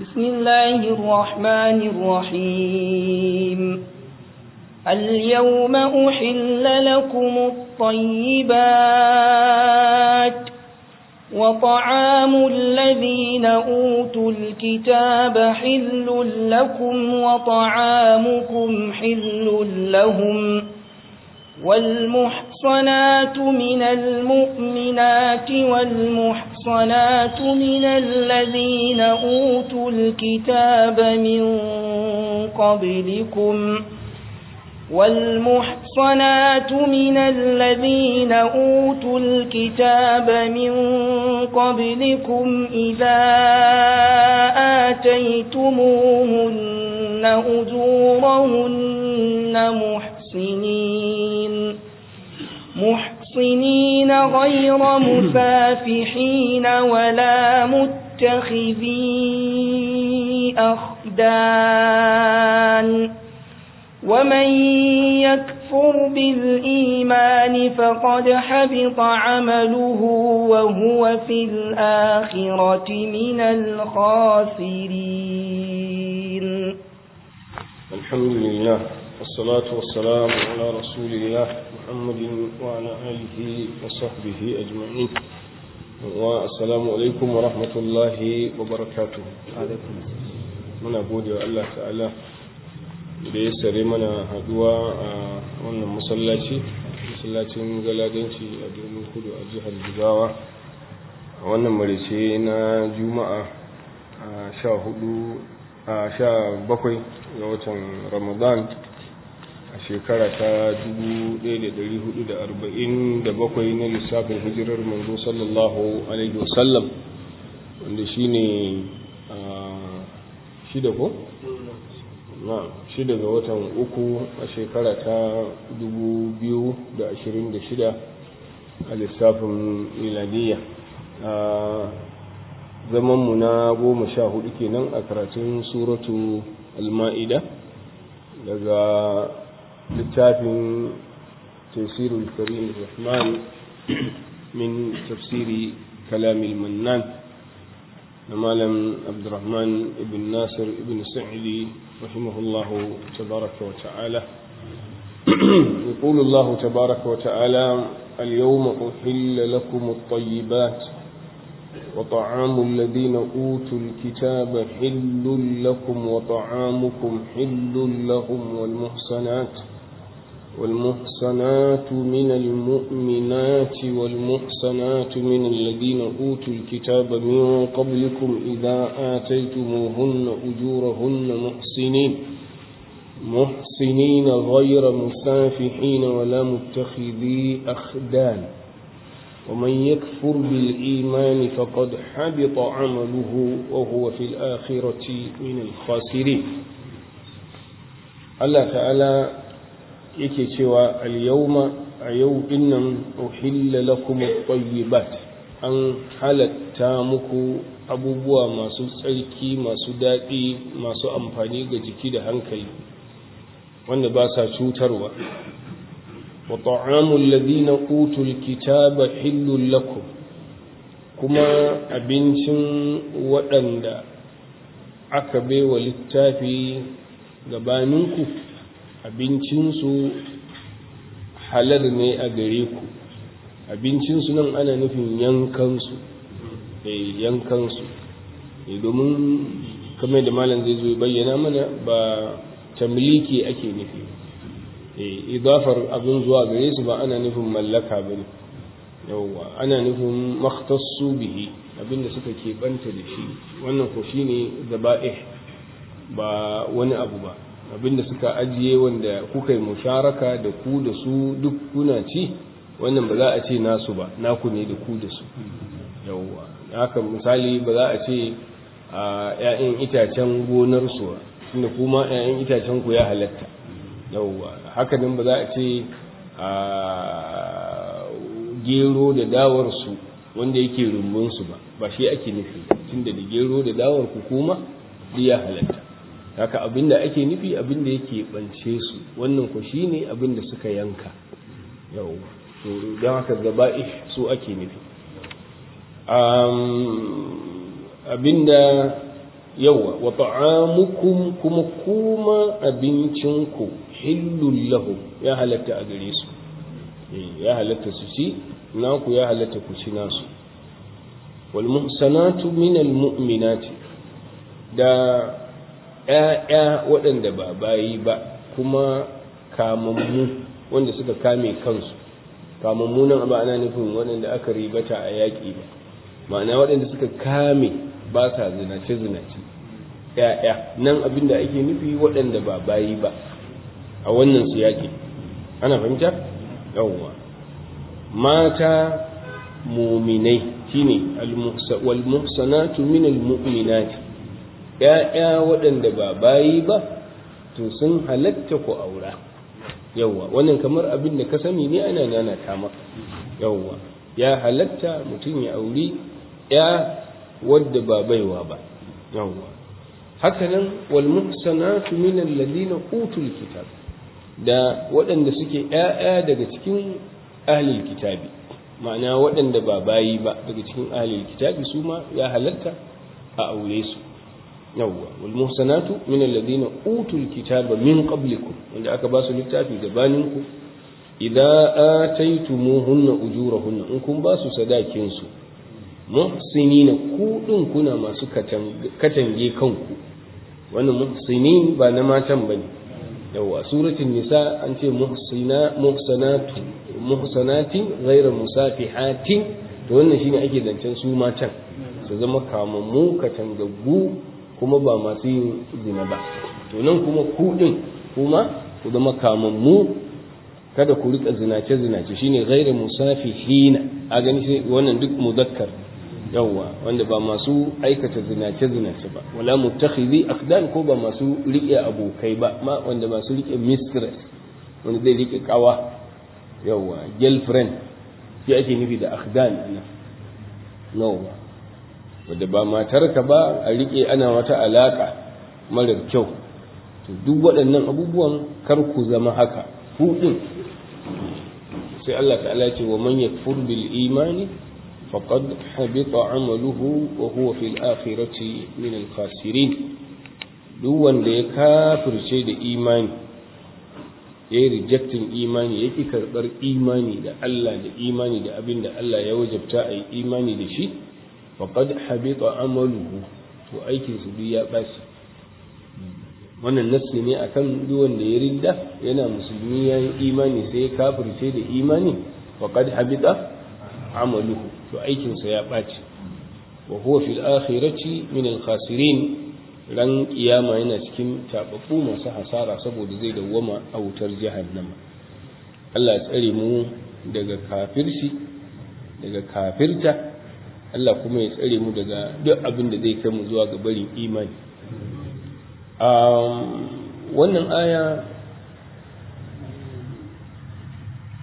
بسم الله الرحمن الرحيم اليوم أحل لكم الطيبات وطعام الذين أوتوا الكتاب حل لكم وطعامكم حل لهم والمحصنات من المؤمنات والمحصنات الصلاة من الذين أوتوا الكتاب من قبلكم والمحصنات من الذين أوتوا الكتاب من قبلكم إذا آتيتموهن أجورهن محسنين محسنين محصنين غير مسافحين ولا متخذي أخدان ومن يكفر بالإيمان فقد حبط عمله وهو في الآخرة من الخاسرين الحمد لله والصلاة والسلام على رسول الله محمد وعلى آله وصحبه أجمعين والسلام عليكم ورحمة الله وبركاته عليكم من أبود الله تعالى da ya sare mana haduwa a wannan masallaci masallacin galadanci a domin kudu a jihar jigawa a wannan marice na juma'a a sha hudu a sha bakwai ga watan ramadan shekara ta 1447 na lissafin hijirar manzo sallallahu alaihi wasallam wanda shi ne shida ko? na shida ga watan uku a shekara ta 2026 a lissafin a zamanmu na goma sha hudu kenan a karatun suratu al-ma'ida daga للتافه تيسير الكريم الرحمن من تفسير كلام المنان نمالم عبد الرحمن بن ناصر بن سعدي رحمه الله تبارك وتعالى يقول الله تبارك وتعالى اليوم أحل لكم الطيبات وطعام الذين أوتوا الكتاب حل لكم وطعامكم حل لهم والمحسنات والمحصنات من المؤمنات والمحصنات من الذين أوتوا الكتاب من قبلكم إذا آتيتموهن أجورهن محسنين محسنين غير مسافحين ولا متخذي أخدان ومن يكفر بالإيمان فقد حبط عمله وهو في الآخرة من الخاسرين الله تعالى yake cewa al a yau dinnan uhilla lakum at-tayyibat an halatta muku abubuwa masu tsarki masu daɗi masu amfani ga jiki da hankali wanda ba sa cutarwa wa ta'amul ladina utul kitaba hillul lakum kuma abincin waɗanda aka baiwa littafi gabaninku abincinsu halar ne a gare ku abincinsu nan ana nufin yankansu eh, yankansu eh, domin kamar da malam zai zo bayyana mana ba tamliki ake nufi eh, idafar abin zuwa gare su ba ana nufin mallaka ba ne yawwa ana nufin makhtassu bihi abinda suka ke keɓanta da shi wannan ko shine zaba'ih ba wani abu ba abinda suka ajiye wanda kuka yi musharaka da ku da su duk kuna ci wannan ba za a ce nasu ba naku ne da ku da su yawwa haka misali ba za a ce a ‘ya'yan itacen gonar su ba inda kuma ‘ya'yan itacen ku ya halatta yawwa haka nan ba za a ce a gero da dawar su wanda yake rumbun su ba ba shi ake nufi tunda da gero da dawar ku kuma duk ya halatta haka abinda ake nufi abinda yake bance su wannan ku shine abinda suka yanka yau to don haka zaba'ih su ake nufi abinda yawa wa ta'amukum kuma kuma abincinku hillul lahum ya halatta a gare su eh, ya halatta su ci naku ya halatta ku ci nasu wal muhsanatu minal mu'minati da 'ya'ya waɗanda ba bayi ba kuma kamammu wanda suka kame kansu kamammu nan ba ana nufin waɗanda aka ribata a yaƙi ba ma'ana waɗanda suka kame ba sa zinace-zinace ‘ya'ya nan abin da ake nufi waɗanda ba bayi ba a wannan su yaƙi ana fahimta? yawwa mata muminai shine al muhsanatu min al mu'minati ‘ya'ya waɗanda ba bayi ba to sun halatta ku aura yawwa wannan kamar abin da ka sani ne ana nana ta maka yawwa ya halatta mutum ya auri ‘ya wadda ba baiwa ba yawwa hakanan wal muhsanatu min alladhina utul kitab da waɗanda suke ‘ya'ya daga cikin ahlil kitabi ma'ana waɗanda ba bayi ba daga cikin ahlil kitabi su ma ya halatta a aure su yawwa wal muhsanatu min alladhina utul kitaba min qablikum wanda aka ba su littafi gabanin ku idza ataytumuhunna ujurahunna in kun ba su sadakin su muhsinina ku din kuna masu katange kanku wannan muhsinin ba na matan bane yawwa suratul nisa an ce muhsina muhsanatu muhsanatin ghayra musafihatin to wannan shine ake zancen su matan su zama kamammu katangaggu kuma ba masu yin zina ba to nan kuma ku din kuma ku zama kamammu kada ku rika zinace zinace shine ghairu musafihina a gani shi wannan duk muzakkar yawwa wanda ba masu aikata zinace zinace ba wala mutakhidhi aqdan ko ba masu rike abokai ba ma wanda masu rike mistress wanda zai rike kawa yawwa girlfriend shi ake nufi da aqdan na. yawwa wadda ba matarka ba a riƙe ana wata alaƙa mara kyau to duk waɗannan abubuwan kar ku zama haka ku sai Allah ta'ala ce wa man yakfur bil imani faqad habita amaluhu wa huwa fil akhirati min al duk wanda ya kafirce da imani yayi yi rejectin imani ya fi karɓar imani da Allah da imani da abin da Allah ya wajabta a yi imani da shi faqad habita amaluhu to aikin su duk ya bashi wannan nasi ne akan duk wanda ya ridda yana musulmi ya yi imani sai ya kafirce da imani faqad habita amaluhu to aikin sa ya ɓaci. wa huwa fil akhirati min al khasirin ran kiyama yana cikin tababbu masu hasara saboda zai dawwama a wutar jahannama Allah ya tsare mu daga kafirci daga kafirta Allah kuma ya tsare mu daga duk abin da zai kai mu zuwa ga barin imani wannan aya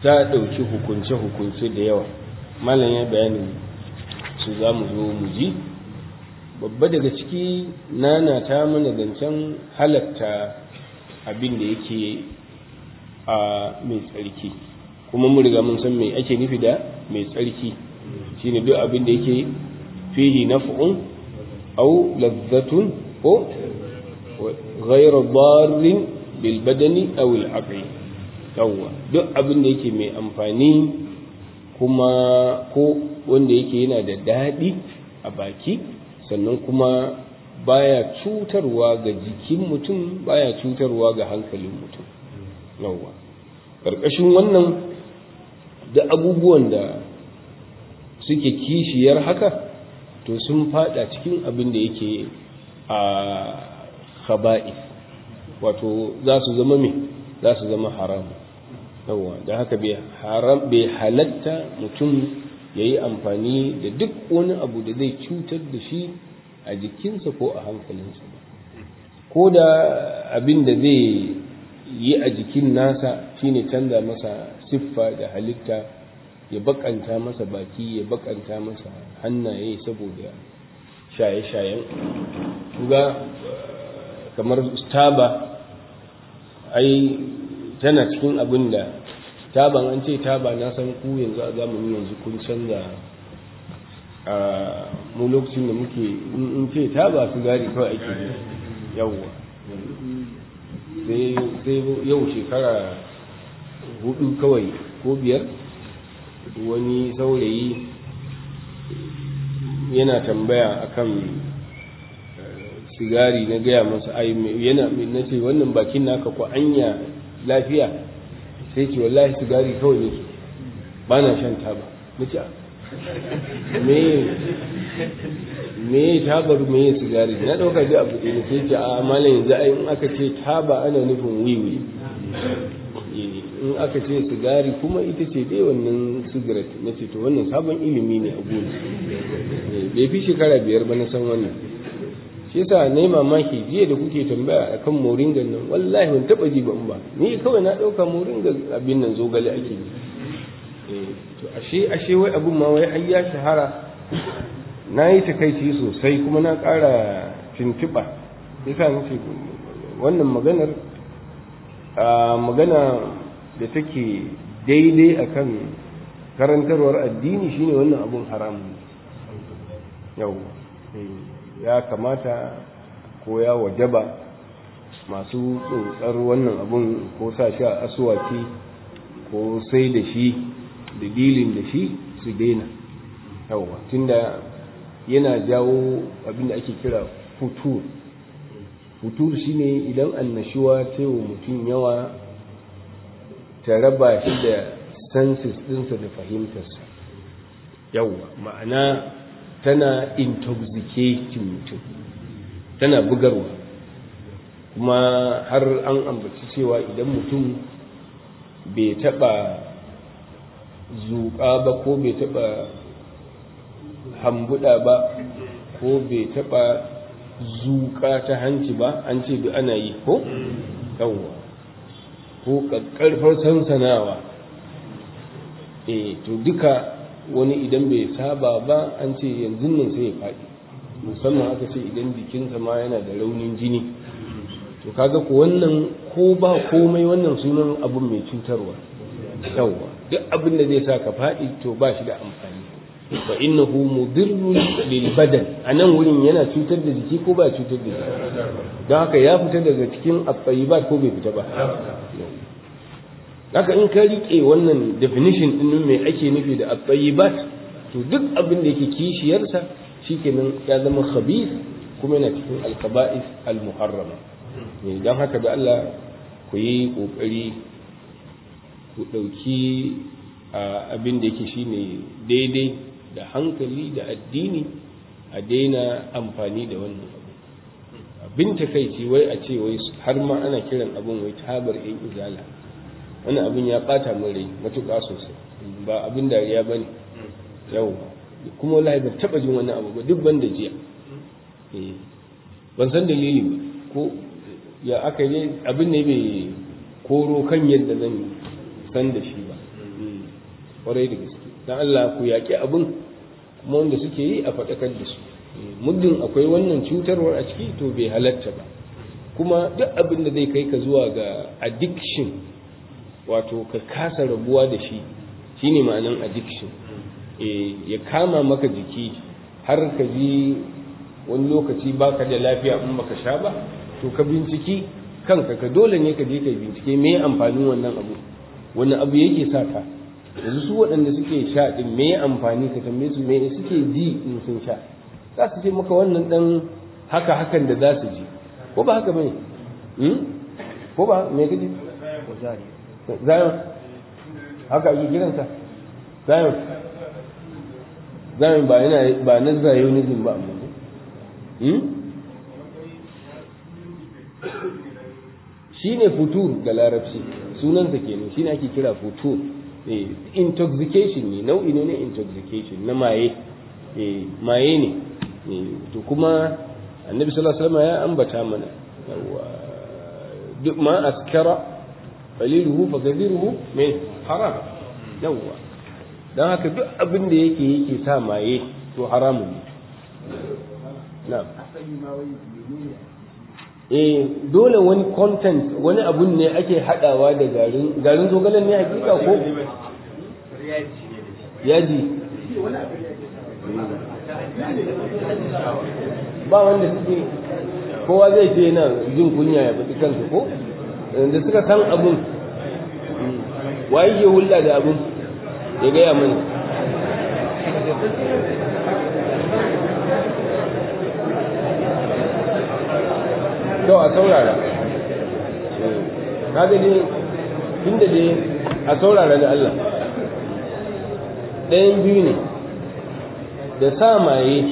ta ɗauki hukunce-hukunce da yawa malam ya bayani su za mu zo mu ji babba daga ciki nana ta mana zancen halatta abin da yake a mai tsarki kuma mu riga mun san mai ake nufi da mai tsarki ne duk abin da yake fihi naf'un aw lazzatun ko غير ضار بالبدن أو العقل yawwa duk abin da yake mai amfani kuma ko wanda yake yana da daɗi a baki sannan kuma baya cutarwa ga jikin mutum baya cutarwa ga hankalin mutum yawwa ƙarƙashin wannan da abubuwan da suke kishiyar haka to sun fada cikin abin da yake a khaba'i wato za su zama me za su zama haramu yawa da haka bai haram bai halatta mutum yayi amfani da duk wani abu da zai cutar da shi a jikinsa ko a hankalinsa ko da abin da zai yi a jikin nasa shine canza masa siffa da halitta ya bakanta masa baki ya bakanta masa hannaye saboda shaye-shayen ga eh, kamar taba ai tana cikin abin da taban an ce taba na san ku yanzu a zamanin yanzu kun canza a ah, mu lokacin da muke in ce taba su gari kawai ake yawwa sai yau shekara hudu kawai ko biyar wani saurayi yana tambaya akan eh, sigari na gaya masa ai yana na ce wannan bakin naka ko anya lafiya sai ce wallahi sigari kawai ne ba na shan taba nace me me tabar me sigari na dauka dai abu ne sai ce a malam yanzu ai in aka ce taba ana nufin wiwi in aka ce sigari kuma ita ce dai wannan sigaret na ce to wannan sabon ilimi ne a gudu eh, bai fi shekara biyar ba na san wannan shi yasa na yi mamaki jiya da kuke tambaya akan moringan nan wallahi ban taba ji ban ba ni kawai na ɗauka moringa abin nan zogale ake yi eh, to ashe ashe wai abin ma wai har ya shahara na yi takaici sosai kuma na ƙara tuntuɓa yasa nace wannan maganar ah, magana da take daidai akan karantarwar addini shine wannan abun haramun yau eh, ya kamata ko ya wajaba masu tsotsar wannan abun ko sa shi a asuwaki ko sai da shi da dilin da shi su daina yauwa tunda yana jawo abinda ake kira futur futur shine idan annashuwa ta yi wa mutum yawa ta raba shi da senses ɗinsa da fahimtarsa yawwa ma'ana tana intoxicating mutum tana bugarwa kuma har an ambaci cewa idan mutum bai taɓa zuƙa ba ko bai taɓa hambuɗa ba ko bai taɓa zuƙa ta hanci ba an ce bi ana yi ko yawwa ko ƙarfar sansanawa eh to duka wani idan bai saba ba an ce yanzu nan sai ya faɗi musamman aka ce idan jikinsa ma yana da raunin jini to kaga ko wannan ko ba komai wannan sunan abun mai cutarwa yawwa duk abin da zai sa ka faɗi to ba shi da amfani fa innahu mudirru lil badan anan wurin yana cutar da jiki ko ba cutar da jiki don haka ya fita daga cikin at-tayyibat ko bai fita ba haka in ka rike wannan definition din me ake nufi da at-tayyibat to duk abin da yake kishiyarsa shikenan ya zama khabith kuma yana cikin al-qaba'is al-muharrama dan haka da Allah ku yi kokari ku dauki abin da yake shine daidai da hankali da addini a daina amfani da wannan abu abin takaici wai a ce wai har ma ana kiran abin wai tabar yan izala wani abin ya bata min rai matuƙa sosai ba abin dariya ba ne yau kuma wallahi ban taɓa jin wani abu ba duk ban da jiya eh, ban san dalili ba ko ya aka yi abin ne bai koro kan yadda zan san da shi ba hmm, ƙwarai da gaske don Allah ku yaƙi abin wanda suke yi a faɗakar da su muddin akwai wannan cutarwar a ciki to bai halatta ba kuma duk abin da zai kai ka zuwa ga addiction wato ka kasa rabuwa da shi shine ma'anan addiction e, ya kama maka jiki har ka ji wani lokaci baka da lafiya in baka sha ba to ka binciki kanka ka dole ne ka je ka bincike me amfanin wannan abu wani abu yake sa ka yanzu su waɗanda suke sha ɗin me amfani ka tambaye su me suke ji in sun sha za su ce maka wannan ɗan haka hakan da za su ji ko ba haka bane hmm? ko ba me kaji zayon haka ake kiransa zayon zayon ba yana ba na zayonism ba amma hmm? shi ne futur da larabci sunansa kenan shi ne ake kira futur Eh, intoxication ne nau'i ne na intoxication na maye eh, maye ne eh, to kuma annabi sallallahu alaihi wasallam ya ambata mana duk ma askara qaliluhu fa kathiruhu min haram yawa dan haka duk abin da yake yake sa maye to haramun ne na'am eh dole wani content wani abun ne ake hadawa da garin garin zogalen ne hakika ko yaji ba wanda suke kowa zai ce na jin kunya ya fi kansu ko da suka san abun hmm, waye hulla da abun ya gaya mana kyau a saurara kaga dai tunda dai a saurara da Allah ɗayan biyu ne da sa maye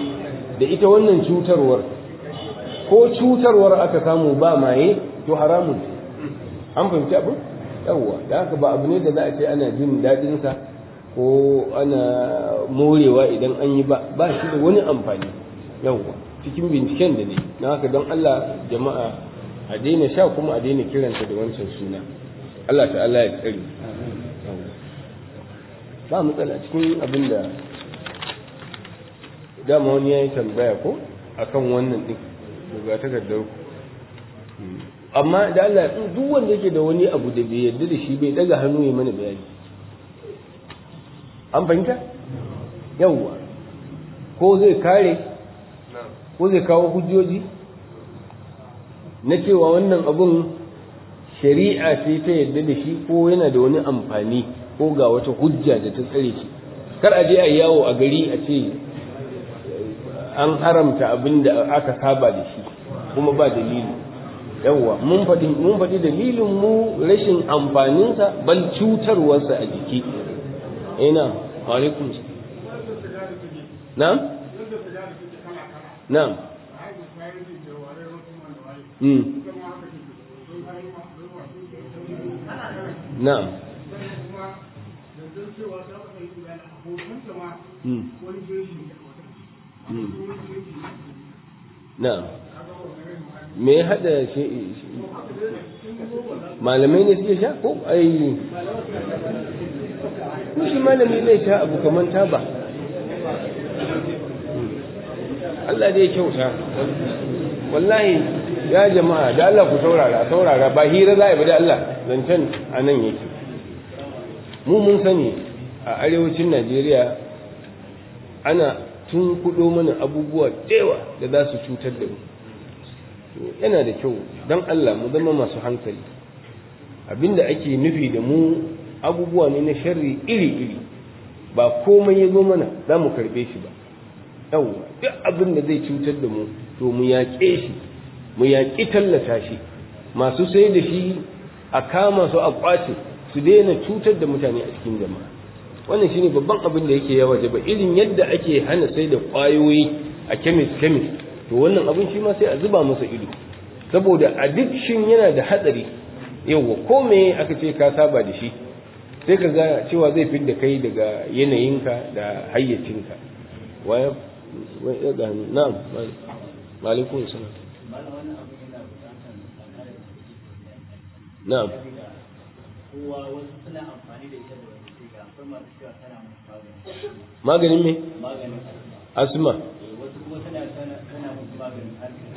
da ita wannan cutarwar ko cutarwar aka samu ba maye to haramun an fahimci abu yawwa da haka ba abu ne da za a ce ana jin daɗinsa ko ana morewa idan an yi ba ba shi da wani amfani yawwa cikin binciken da ne na haka don Allah jama'a a daina sha kuma a daina kiranta da wancan suna Allah ta'ala ya tsari ba matsala cikin abin da dama wani ya yi tambaya ko a kan wannan ɗin daga takardar ku amma da Allah duk wanda yake da wani abu da bai yarda da shi bai daga hannu ya mana bayani an fahimta yawwa ko zai kare ko zai kawo hujjoji na cewa wannan abun shari'a ce ta yadda da shi ko yana da wani amfani ko ga wata hujja da ta tsare shi kar a je a yawo a gari a ce an haramta abin da aka saba da shi kuma ba dalili yawwa mun faɗi mun dalilin mu rashin amfaninsa bal cutarwarsa a jiki ina eh, alaikum na na'am hmm. na'am hmm. Hmm. na'am me ya haɗa shi malamai ne suke sha ko ai shi malami ne ta abu kamar ba? Allah dai kyauta wallahi ya jama'a da Allah ku saurara saurara ba hira za a bi da Allah zancen a nan yake mu mun sani a arewacin Najeriya ana tun kudo mana abubuwa dewa da za su cutar da mu yana da kyau don Allah mu zama masu hankali abinda ake nufi da mu abubuwa ne na sharri iri-iri ba komai ya zo mana za mu karɓe shi ba yau duk abin da zai cutar da mu to mu yaƙe shi mu yaƙi tallata shi masu sai da shi a kama su a kwace su daina cutar da mutane a cikin jama'a wannan shine babban abin da yake yawa ba irin yadda ake hana sai da ƙwayoyi a kemis kemis to wannan abin shi ma sai a zuba masa ido saboda addiction yana da hatsari yawa ko me aka ce ka saba da shi sai ka ga cewa zai fidda kai daga yanayinka da hayyacinka iya malikun na'am maganin me asma eh,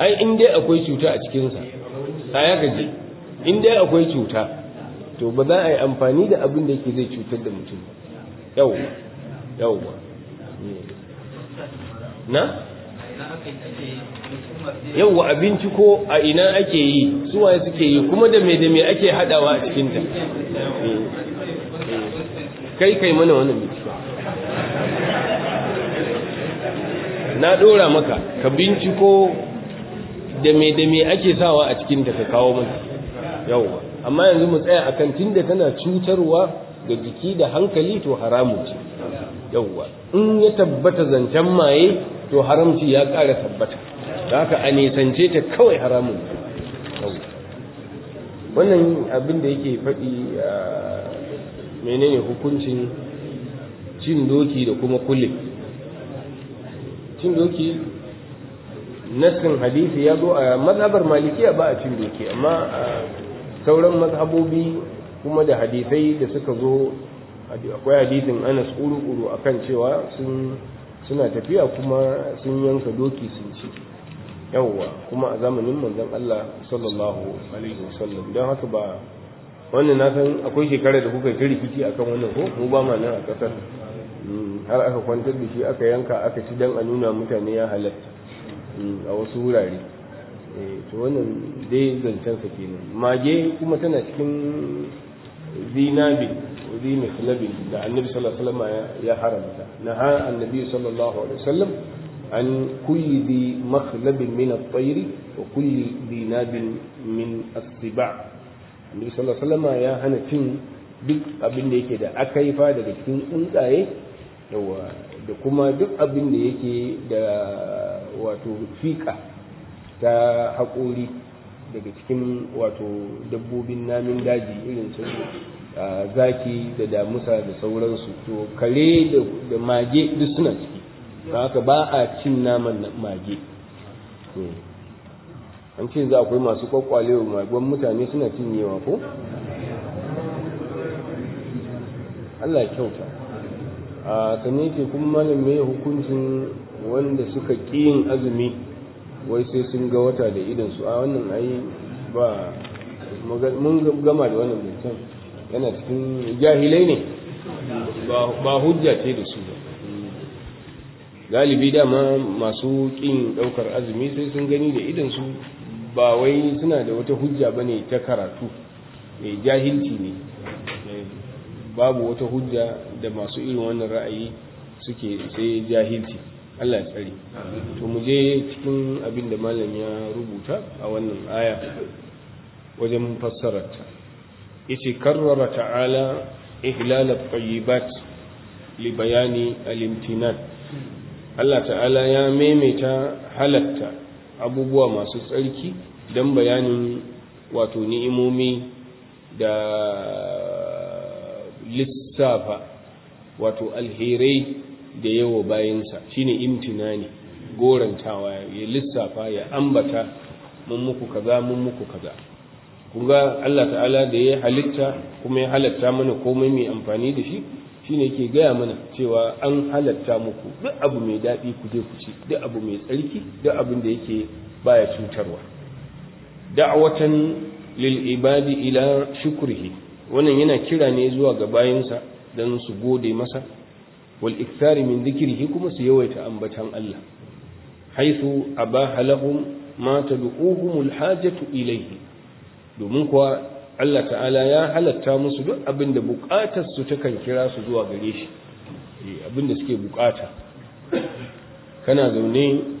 ai in dai akwai cuta a cikinsa a ya gaji in dai akwai cuta to ba za a yi amfani da abin da yake zai cutar da mutum yau yau ba na yawwa abinci ko a ina ake yi suwa suke yi kuma da me da me ake hadawa a cikin kai kai mana wannan bincika. na dora maka ka binciko da me da me ake sawa a cikin ka kawo mana yawwa amma yanzu mu tsaya a kantin tunda tana cutarwa ga jiki da hankali to haramun ce yawwa in ya tabbata zancen maye to haramci ya ƙara tabbata da haka a nisance ta kawai haramun wannan abin da yake faɗi a menene hukuncin cin doki da kuma kulle cin doki nassin hadisi ya zo a mazhabar malikiya ba a cin doki amma a sauran mazhabobi kuma da hadisai da suka zo akwai hadisin anas uru-uru kan cewa sun suna tafiya kuma sun yanka doki sun ci yawwa kuma a zamanin manzon Allah sallallahu alaihi wasallam don haka ba wannan na san akwai shekarar da kuka kiri rikici akan wannan ko mu ba ma nan a kasar mm, har aka kwantar da shi aka yanka aka ci dan a nuna mutane ya halatta mm, a wasu wurare eh, to wannan dai zancen sa kenan mage kuma tana cikin zinabi ذي مخلبي دع النبي صلى الله عليه وسلم يا حرم نهى النبي صلى الله عليه وسلم عن كل ذي مخلب من الطير وكل ذي ناب من السباع النبي صلى الله عليه وسلم يا هنتين duk abin da yake da akaifa daga cikin tsuntsaye da kuma duk abin da yake da wato fiƙa ta haƙori daga cikin wato dabbobin namin daji irin su zaki da damusa da sauransu to kare da mage duk suna ciki don haka ba a cin naman mage an ce za akwai masu kwakwalewa magon mutane suna cinyewa ko Allah ya kyauta a sane ce kuma malam mai hukuncin wanda suka ƙi yin azumi wai sai sun ga wata da su. a wannan ai ba mun gama da wannan mutum yana cikin jahilai ne ba hujja ce da su galibi dama masu ƙin ɗaukar azumi sai sun gani da idan su ba wai suna da wata hujja ba ne ta karatu mai jahilci ne babu wata hujja da masu irin wannan ra'ayi suke sai jahilci Allah ya tsari to mu je cikin abin da malam ya rubuta a wannan aya wajen fassararta yace karrara ta'ala ihlal at-tayyibat li bayani al-imtinan Allah ta'ala ya maimaita halatta abubuwa masu tsarki dan bayanin wato ni'imomi da lissafa wato alherai da yawa bayansa shine imtinani gorantawa ya lissafa ya ambata mun muku kaza mun muku kaza ga Allah ta'ala da ya halitta kuma ya halatta mana komai mai amfani da shi shine yake gaya mana cewa an halatta muku duk abu mai daɗi ku je ku ci duk abu mai tsarki duk abin da yake baya cutarwa da'watan lil ibadi ila shukrihi wannan yana kira ne zuwa ga bayansa dan su gode masa wal ikthari min dhikrihi kuma su yawaita ambatan Allah haythu abaha lahum ma tad'uhumul hajatu ilayhi domin kuwa Allah ta'ala ya halatta musu duk abin da bukatar su kan kira su zuwa gare shi eh, abin da suke bukata kana zaune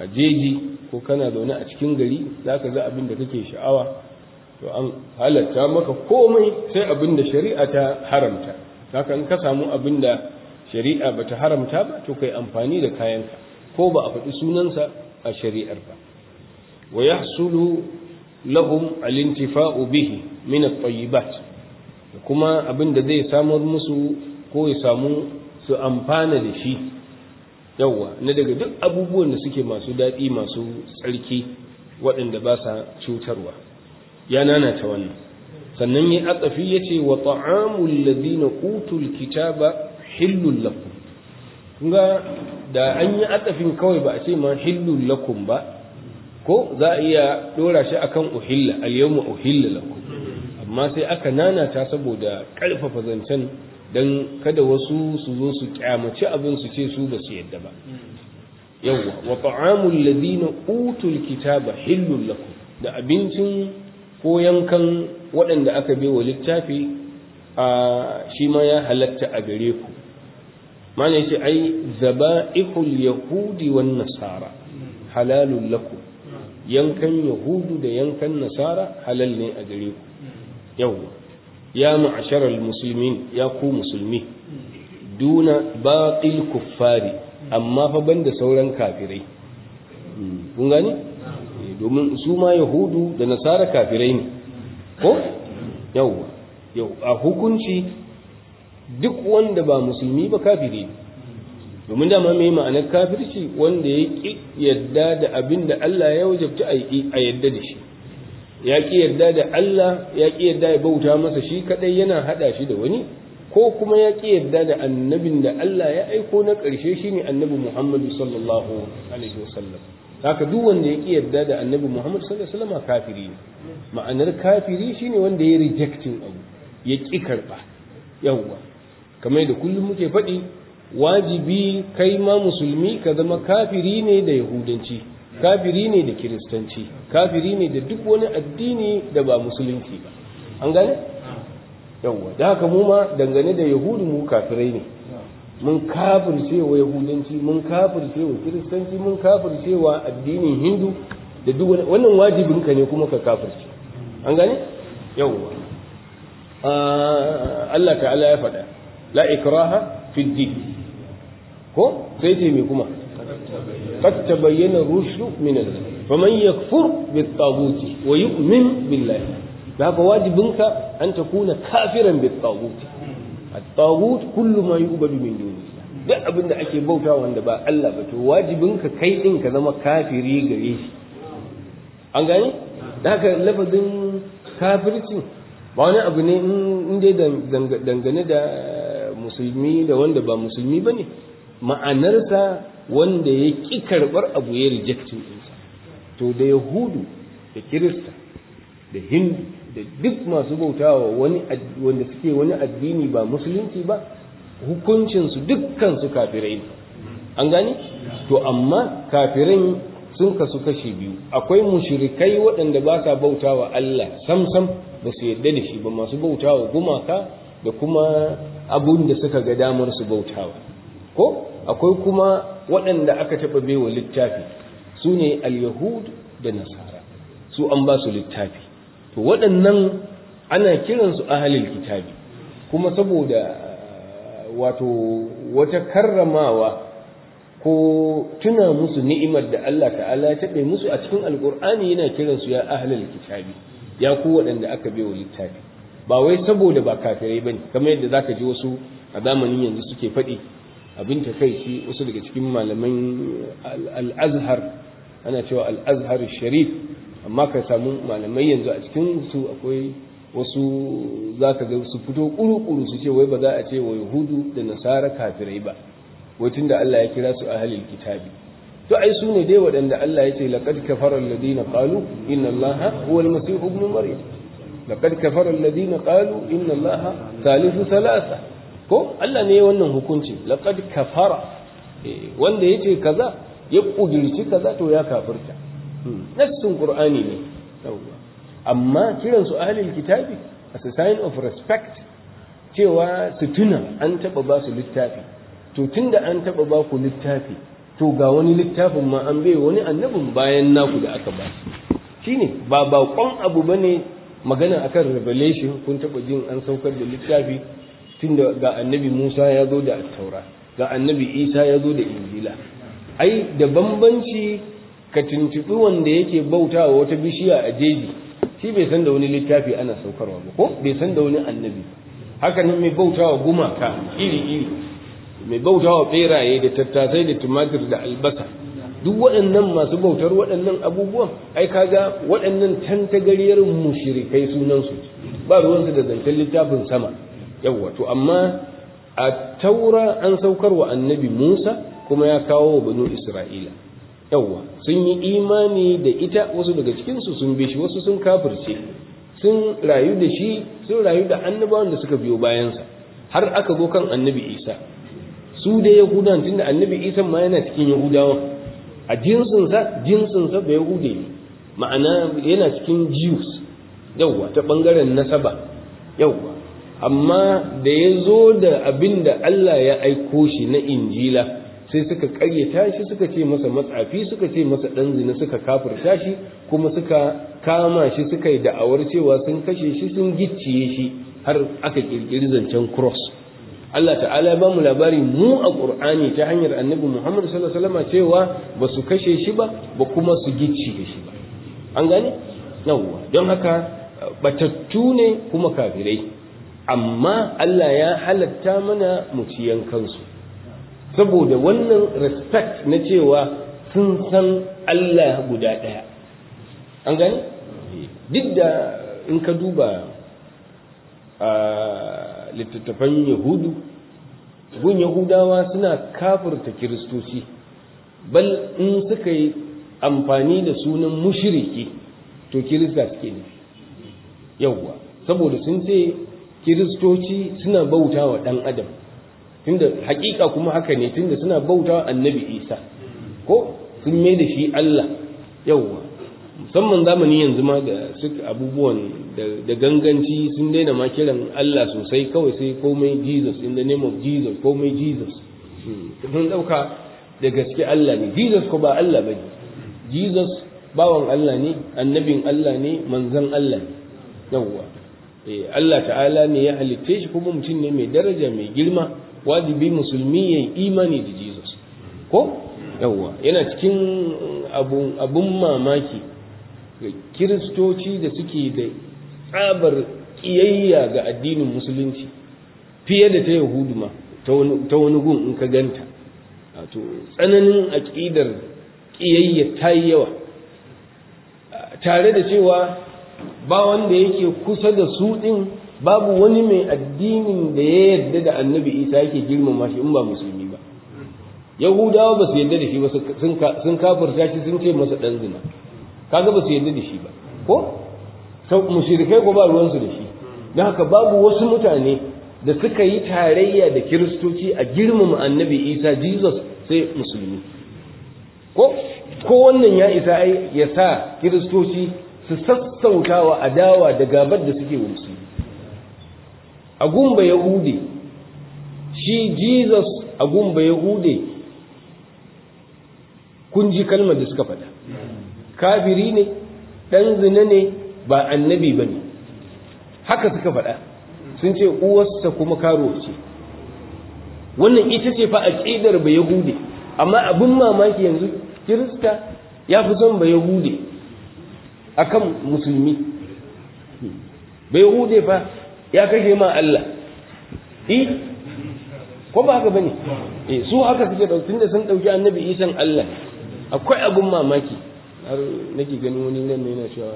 a jeji ko kana zaune a cikin gari za ka ga abin da kake sha'awa to an halatta maka komai sai abin da shari'a ta haramta haka in ka samu abin da shari'a ba ta haramta ba to kai amfani da kayanka ko ba a faɗi sunansa a shari'ar ba wa yahsulu lahum al-intifa'u bihi min at-tayyibat kuma abin da zai samar musu ko ya samu su amfana da shi yawa na daga duk abubuwan da suke masu dadi masu tsarki waɗanda ba sa cutarwa ya nana ta wannan sannan ya atsafi ya ce wa ta'amul ladina utul kitaba hillul lakum kun ga da an yi atsafin kawai ba a ce ma hillul lakum ba ko za a iya ɗora shi akan uhilla al-yawma uhilla lakum amma sai aka ta saboda ƙarfafa zancen dan kada wasu su zo su kyamaci abin su ce su ba su yadda ba yawwa wa ta'amul ladina utul kitaba hillul lakum da abincin ko yankan waɗanda aka wa littafi a shi ma ya halatta a gare ku mana yace ai zaba'ihul yahudi wan nasara halalul lakum yankan yahudu da yankan nasara halal ne a gare ku yau ya ma'asharar musulmin ya ku musulmi duna baƙil kuffari amma fa banda sauran kafirai hmm, kun gani eh, domin su ma yahudu da nasara kafirai ne ko yau a hukunci duk wanda ba musulmi ba kafiri ne domin dama mai ma'anar kafirci wanda ya ƙi yarda da abin da Allah ya wajabta a yarda da shi ya ƙi yarda da Allah ya ƙi yarda ya bauta masa shi kaɗai yana haɗa shi da wani ko kuma ya ƙi yarda da annabin da Allah ya aiko na ƙarshe shi ne annabi Muhammadu sallallahu alaihi wasallam haka duk wanda ya ƙi yarda da annabi Muhammadu sallallahu alaihi wasallam kafiri ne ma'anar kafiri shine wanda ya rejecting abu ya ƙi karɓa yawwa kamar da kullum muke faɗi wajibi kai ma musulmi ka zama kafiri ne da yahudanci kafiri ne da kiristanci kafiri ne da duk wani addini da ba musulunci ba an gane yawwa da haka mu ma dangane da yahudu mu kafirai ne mun kafirce wa yahudanci mun kafirce wa kiristanci mun kafirce wa addinin hindu da duk wani wannan wajibin ka ne kuma ka kafirce an gane yawwa ah, Allah ta'ala ya faɗa la ikraha fi din ko sai ce mai kuma kat bayyana rushu minal fa man yakfur bit taguti wa yu'min billahi da ba wajibinka an ta kuna kafiran bit taguti at tagut kullu ma yu'badu min duni duk abin ake bauta wanda ba Allah ba to wajibinka kai din ka zama kafiri gare shi an gani da haka lafazin kafirci ba wani abu ne in dai da musulmi da wanda ba musulmi ba ne ma'anarsa wanda ya ƙi karɓar abu ya rejectin ɗinsa to da yahudu da kirista da hindu da duk masu bautawa wani wanda suke wani addini ba musulunci ba hukuncinsu dukkan su kafirai ne an gani? to amma kafirai sun kasu kashi biyu akwai mushrikai waɗanda ba sa bautawa Allah sam sam ba su yadda da shi ba masu bautawa gumaka da kuma abun da suka ga damar su bautawa ko akwai kuma waɗanda aka taɓa baiwa littafi su ne al-yahud da nasara su an ba su littafi to waɗannan ana kiransu ahalil kitabi kuma saboda wato wata karramawa ko tuna musu ni'imar da Allah ta'ala ya taɓa musu a cikin alƙur'ani yana kiransu ya ahalil kitabi ya ku waɗanda aka baiwa littafi ba wai saboda ba kafirai bane kamar yadda zaka ji wasu a zamanin yanzu suke faɗi abin takaici wasu daga cikin malaman al-azhar ana cewa al'azhar sharif amma ka samu malamai yanzu a cikin su akwai wasu za ka ga su fito kuru-kuru su ce wai ba za a ce wa yahudu da nasara kafirai ba wai da Allah ya kira su a halin kitabi to ai su ne dai waɗanda Allah ya ce laqad kafara alladhina qalu inna allaha huwa al ibn maryam laqad kafara alladhina qalu inna allaha thalithu thalatha ko Allah ne wannan hukunci laqad kafara eh, wanda yace kaza ya kudirci kaza to ya kafirta hmm. nassun qur'ani ne amma kiran su ahlul kitabi as a sign of respect cewa su tuna an taba ba su littafi to tunda an taba ba ku littafi to ga wani littafin ma an bai wani annabin bayan naku da aka ba shine ba baƙon abu bane magana akan revelation kun taba jin an saukar da littafi tun ga annabi musa ya zo da taura ga annabi isa ya zo da injila ai da bambanci ka tuntubi wanda yake bautawa wata bishiya a jeji shi bai san da wani littafi ana saukarwa ba ko bai san da wani annabi haka nan mai bautawa gumaka iri iri mai bautawa beraye da tattasai da tumatir da albasa duk waɗannan masu bautar waɗannan abubuwan ai kaga waɗannan tantagariyar mushrikai sunansu ba ruwansu da zancen littafin sama yawwa to amma a taura an saukar wa annabi Musa kuma ya kawo wa banu Isra'ila yawwa sun yi imani da ita wasu daga cikinsu sun bi shi wasu sun kafirce sun rayu da shi sun rayu da annabawan da suka biyo bayansa har aka zo kan annabi Isa su da yahudan tunda annabi Isa ma yana cikin yahudawan a jinsinsa jinsinsa bai yahude ne ma'ana yana cikin jews yawwa ta bangaren nasaba yawwa amma da ya zo da abin da Allah ya aiko shi na injila sai suka karyata shi suka ce masa matsafi suka ce masa ɗan zina suka kafirta shi kuma suka kama shi suka yi da'awar cewa sun kashe shi sun gicciye shi har aka kirkiri zancen cross Allah ta'ala ba mu labari mu a Qur'ani ta hanyar Annabi Muhammad sallallahu alaihi wasallam cewa ba su kashe shi ba ba kuma su gicciye shi ba an gane yawwa don haka batattu ne kuma kafirai amma Allah ya halatta mana mu ci saboda wannan respect na cewa sun san Allah guda ɗaya an gani duk da in ka duba a littattafan yahudu gun yahudawa suna kafirta kiristoci bal in suka yi amfani da sunan mushiriki to kirista suke ne yawwa saboda sun ce kiristoci suna bauta wa ɗan adam tunda hakika kuma haka ne tunda suna bauta wa annabi isa ko sun mai da shi allah yauwa musamman zamani yanzu ma da suka abubuwan da ganganci sun daina ma kiran allah sosai kawai sai komai jesus in the name of jesus komai jesus sun hmm. ɗauka da gaske allah ne jesus ko ba allah ba jesus bawan allah ne annabin allah ne manzan allah ne yauwa Eh, Allah ta'ala ne ya halitte shi kuma mutum ne mai daraja mai girma wajibi musulmi ya yi imani da jesus ko yawwa yana cikin uh, abun mamaki ga kiristoci da suke da tsabar kiyayya ga addinin musulunci fiye da ta yahudu ma ta wani gun in ka ganta to tsananin aƙidar kiyayya ta yi yawa tare da cewa ba wanda yake kusa da su ɗin babu wani mai addinin da ya yarda da annabi isa yake girmama shi in ba musulmi ba yahudawa ba su yarda da shi ba sun kafirta shi sun ce masa ɗan zina kaga ba su yarda da shi ba ko mushrikai ko ba ruwansu da shi don haka babu wasu mutane da suka yi tarayya da kiristoci a girmama annabi isa jesus sai musulmi ko ko wannan ya isa ya sa kiristoci su sassautawa adawa da gabar da suke wuce a gumba hude, shi jesus a gumba hude, kun ji kalmar da suka faɗa kafiri ne dan zina ne ba annabi ba ne haka suka faɗa sun ce uwarsa kuma karo ce wannan ita ce fa a aƙidar ba ya hude. amma abin mamaki yanzu kirista ya fi son ba ya hude. akan musulmi bai hude fa ya kashe ma Allah i ko ba haka bane eh su haka suke dauki da sun dauki annabi isan Allah akwai abun mamaki har nake gani wani nan ne yana cewa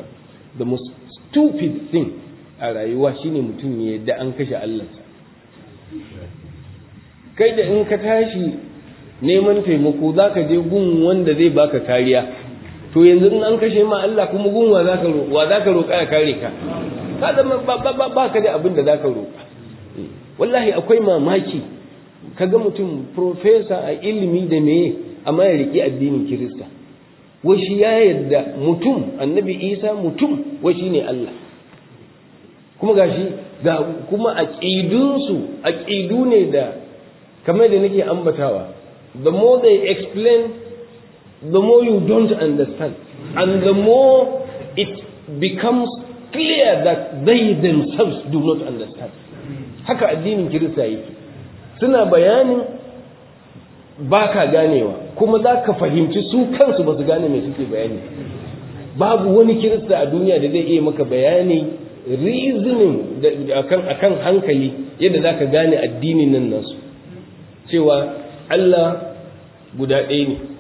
the most stupid thing a rayuwa shine mutum ya yadda an kashe Allah kai da in ka tashi neman taimako zaka je gun wanda zai baka kariya to yanzu in an kashe ma Allah kuma gunwa wa ka roƙa za ka roƙa ya kare ka ka zama ba ka da abin da ka roƙa eh, wallahi akwai mamaki kaga mutum professor a ilimi da me amma ya riki addinin Kirista Washi ya yarda mutum annabi Isa mutum washi ne Allah kuma gashi ga kuma a aqidunsu a ne da kamar da nake ambatawa the more they explain the more you don't understand. And the more it becomes clear that they themselves do not understand. Haka addinin Kirista yake. Suna bayanin baka ganewa, kuma za ka fahimci su kansu ba su gane mai suke bayani. Babu wani Kirista a duniya da zai iya maka bayani reasoning akan hankali yadda za ka gane addinin nan nasu. Cewa Allah guda ɗaya ne.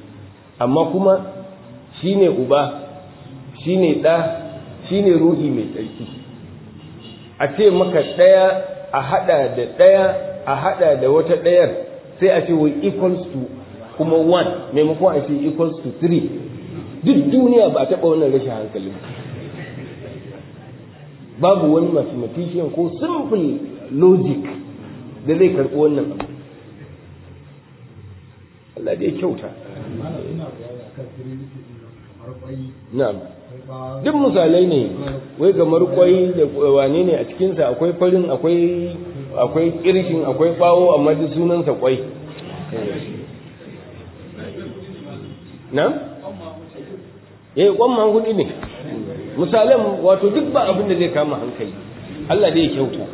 amma kuma shi ne uba shi ne ɗa shi ne ruhi mai tsarki a ce maka ɗaya a hada da ɗaya a hada da wata ɗayar sai a ce wai equals to kuma one maimakon a ce equals to three duk duniya ba a taɓa wannan rashin hankali babu wani mathematician ko simple logic da zai karɓi wannan abu Allah dai kyauta na'am duk misalai ne wai kamar kwai da wane ne a cikinsa akwai farin akwai akwai kirkin akwai bawo amma duk sunansa kwai na'am eh kwan ma hudu ne misalan wato duk ba abin da zai kama hankali Allah dai ya kyauta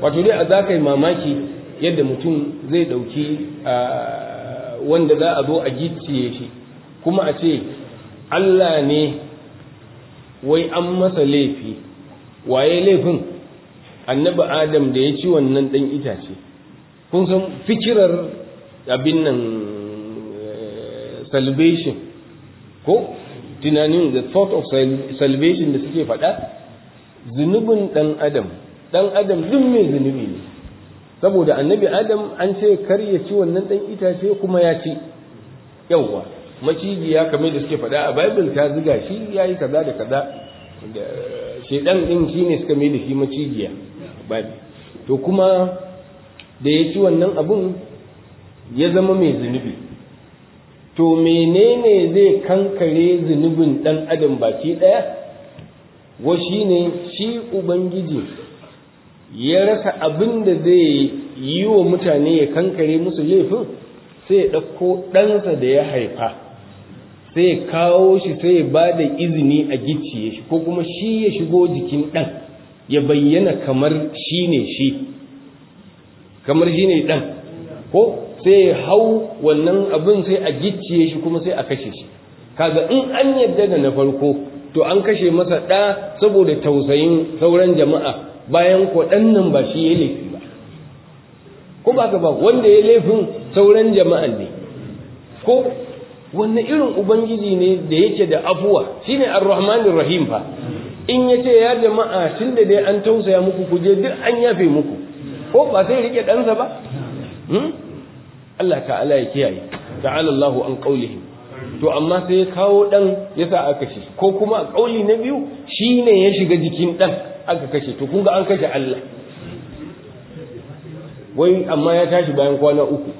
wato dai a za ka yi mamaki yadda mutum zai ɗauki ah, wanda za a zo a gicciye shi kuma a ce Allah ne wai an masa laifi waye laifin annabi adam da ya ci wannan ɗan itace kun san fikirar abin nan eh, salvation ko tunanin the thought of salvation da suke faɗa zunubin ɗan adam ɗan adam duk mai zunubi saboda annabi adam an ce kar ya ci wannan dan itace kuma ya ci yawwa macijiya kamar da suke faɗa a bible ta ziga shi yayi kaza da kaza da ɗin din shine suka da shi macijiya to kuma da ya ci wannan abun ya zama mai zunubi to menene zai kankare zunubin dan adam baki ɗaya? wa shine shi ubangiji ya rasa abin da zai yi wa mutane ya kankare musu laifin sai ya ɗauko ɗansa da ya haifa sai ya kawo shi sai ya ba da izini a gicciye shi ko kuma shi ya shigo jikin ɗan ya bayyana kamar shi ne shi kamar shi ne ɗan ko sai ya hau wannan abin sai a gicciye shi kuma sai a kashe shi kaga in an yadda da na farko to an kashe masa ɗa saboda tausayin sauran jama'a bayan ko nan ba shi ya laifi ba ko ba ba wanda ya laifin sauran jama'an ne ko wanne irin ubangiji ne da yake da afuwa shine ar-rahmanir rahim fa in ya ce ya jama'a tun da dai an tausaya muku kuje je duk an yafe muku ko ba sai rike ɗansa ba hmm? Allah ta'ala ya kiyaye ta'ala Allah an qaulihi to amma sai ya kawo ɗan ya sa aka shi ko kuma a na biyu shi ne ya shiga jikin ɗan. aka kashe to kun ga an kashe Allah wai amma ya tashi bayan kwana uku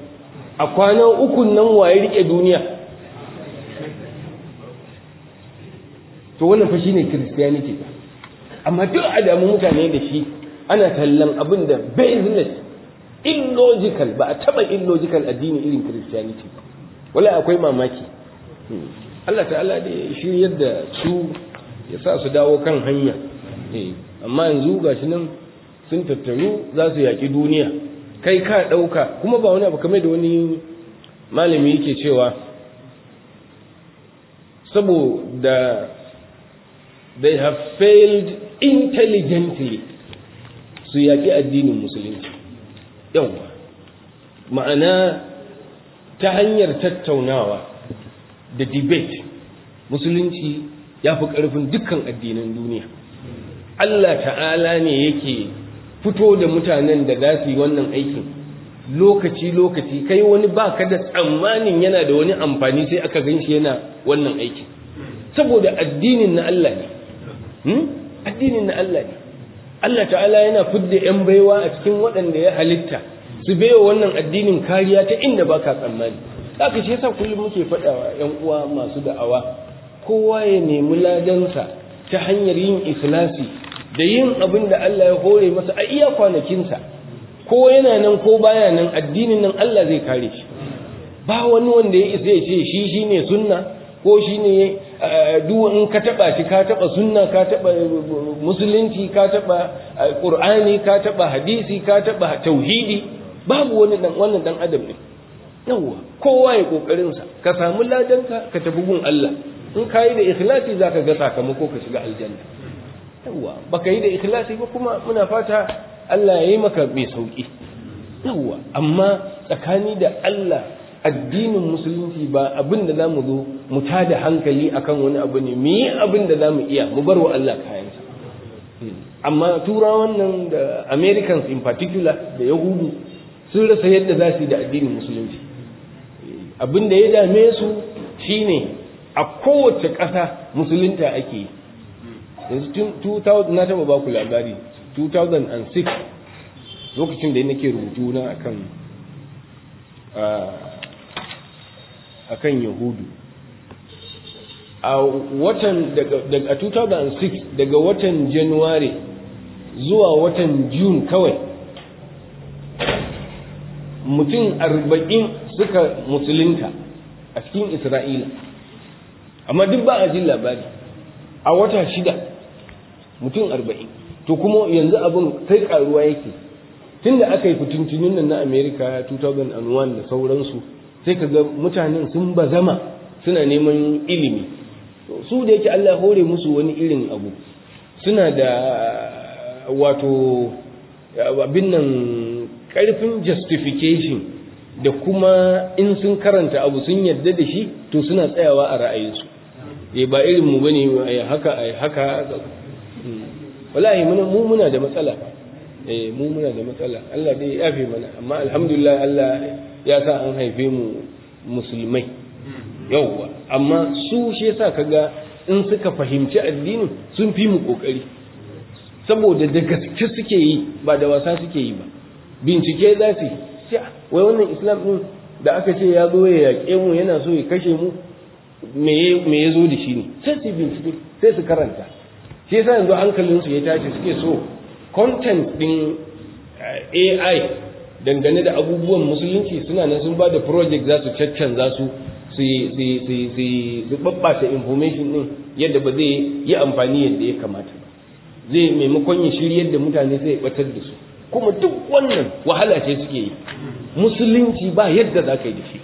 a kwana uku nan waye rike duniya to wannan fa shine christianity amma duk adamu mutane da shi ana tallan abin da business illogical ba a taba illogical addini irin christianity wala akwai mamaki hmm. Allah ta'ala da shiryar da su ya sa su dawo kan hanya eh. amma yanzu ga shi nan sun tattaru za su yaƙi duniya kai ka ɗauka kuma ba wani abu kame da wani malami yake cewa saboda they have failed intelligently su yaƙi addinin musulunci yawa ma'ana ta hanyar tattaunawa da debate musulunci ya fi ƙarfin dukkan addinan duniya Allah ta'ala ne yake fito da mutanen da za su yi wannan aikin lokaci lokaci kai wani ba ka da tsammanin yana da wani amfani sai aka gan shi yana wannan aikin saboda addinin na Allah ne hmm? addinin na Allah ne Allah ta'ala yana fidda 'yan baiwa a cikin waɗanda ya halitta su baiwa wannan addinin kariya ta inda ba ka tsammani haka shi yasa kullum muke faɗawa 'yan uwa masu da'awa kowa ya nemi ladansa ta hanyar yin ikhlasi da yin abin da Allah ya hore masa a iya kwanakinsa ko yana nan ko baya nan addinin nan Allah zai kare shi ba wani wanda ya isa ya ce shi shi ne sunna ko shi ne eh, duk in ka taɓa shi ka taɓa sunna ka taɓa musulunci ka taɓa ƙur'ani eh, ka taɓa hadisi ka taɓa tauhidi babu wani dan wannan dan adam ne yawa kowa ya kokarin sa ka samu ladanka ka tafi gun Allah in kayi da ikhlasi zaka ga sakamako ka shiga aljanna yawwa baka yi da ikhlasi ba kuma muna fata Allah ya yi maka mai sauƙi. yawwa amma tsakani da Allah addinin musulunci ba abin da mu zo mu tada hankali akan wani abu ne mu yi abin da zamu iya mu bar wa Allah kayansa amma turawan nan da Americans in particular da Yahudu sun rasa yadda za su yi da addinin musulunci abin da ya dame su shine a kowace ƙasa musulunta ake yi yanzu tun 2000 na taba baku labari 2006 lokacin da nake rubutu na akan kan yahudu a watan daga 2006 daga watan january zuwa watan june kawai mutum arba'in suka musulunta a cikin isra'ila amma duk ba a jin labari a wata shida mutum arba'in to kuma yanzu abin sai karuwa yake tun da aka yi fitintunin nan na america 2001 da sauransu sai ka ga mutanen sun zama, suna neman ilimi su da yake allah hore musu wani irin abu suna da wato abin nan karfin justification da kuma in sun karanta abu sun yadda da shi to suna tsayawa a ra'ayinsu eh, ba irin mu bane haka haka wallahi mu muna da matsala eh mu muna da matsala Allah dai ya fi mana amma alhamdulillah Allah ya sa an haife mu musulmai yauwa amma su shi yasa kaga in suka fahimci addinin sun fi mu kokari saboda da gaske suke yi ba da wasa suke yi ba bincike za su yi wai wannan islam din da aka ce ya zo ya yaƙe mu yana so ya kashe mu me ya zo da shi ne sai su bincike sai su karanta shi yasa yanzu su ya tashi suke so content din eh, AI dangane da abubuwan musulunci suna nan sun ba da project za su caccanza su su babbata information din yadda ba zai yi amfani yadda ya kamata ba zai maimakon ya shiri yadda mutane sai batar da su kuma duk wannan wahala ce suke yi musulunci ba yadda za ka yi da shi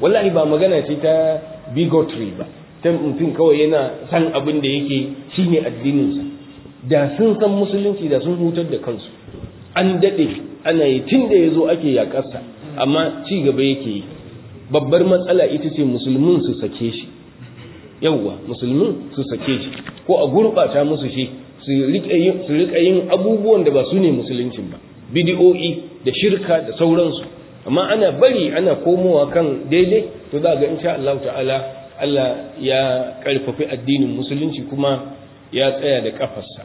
wallahi ba magana ce ta bigotry ba ta mutum kawai yana san abin da yake Cine addininsa da sun san musulunci da sun hutar da kansu an daɗe ana yi tun da ya zo ake yaƙarsa amma ci gaba yake yi babbar matsala ita ce musulmin su sake shi yawwa musulmin su sake shi ko a gurɓata musu shi su riƙa yin abubuwan da ba su ne musuluncin ba bidi'o'i da shirka da sauransu amma ana bari ana komowa kan daidai to za ga insha Allah ta'ala Allah ya ƙarfafi addinin musulunci kuma ya tsaya da kafarsa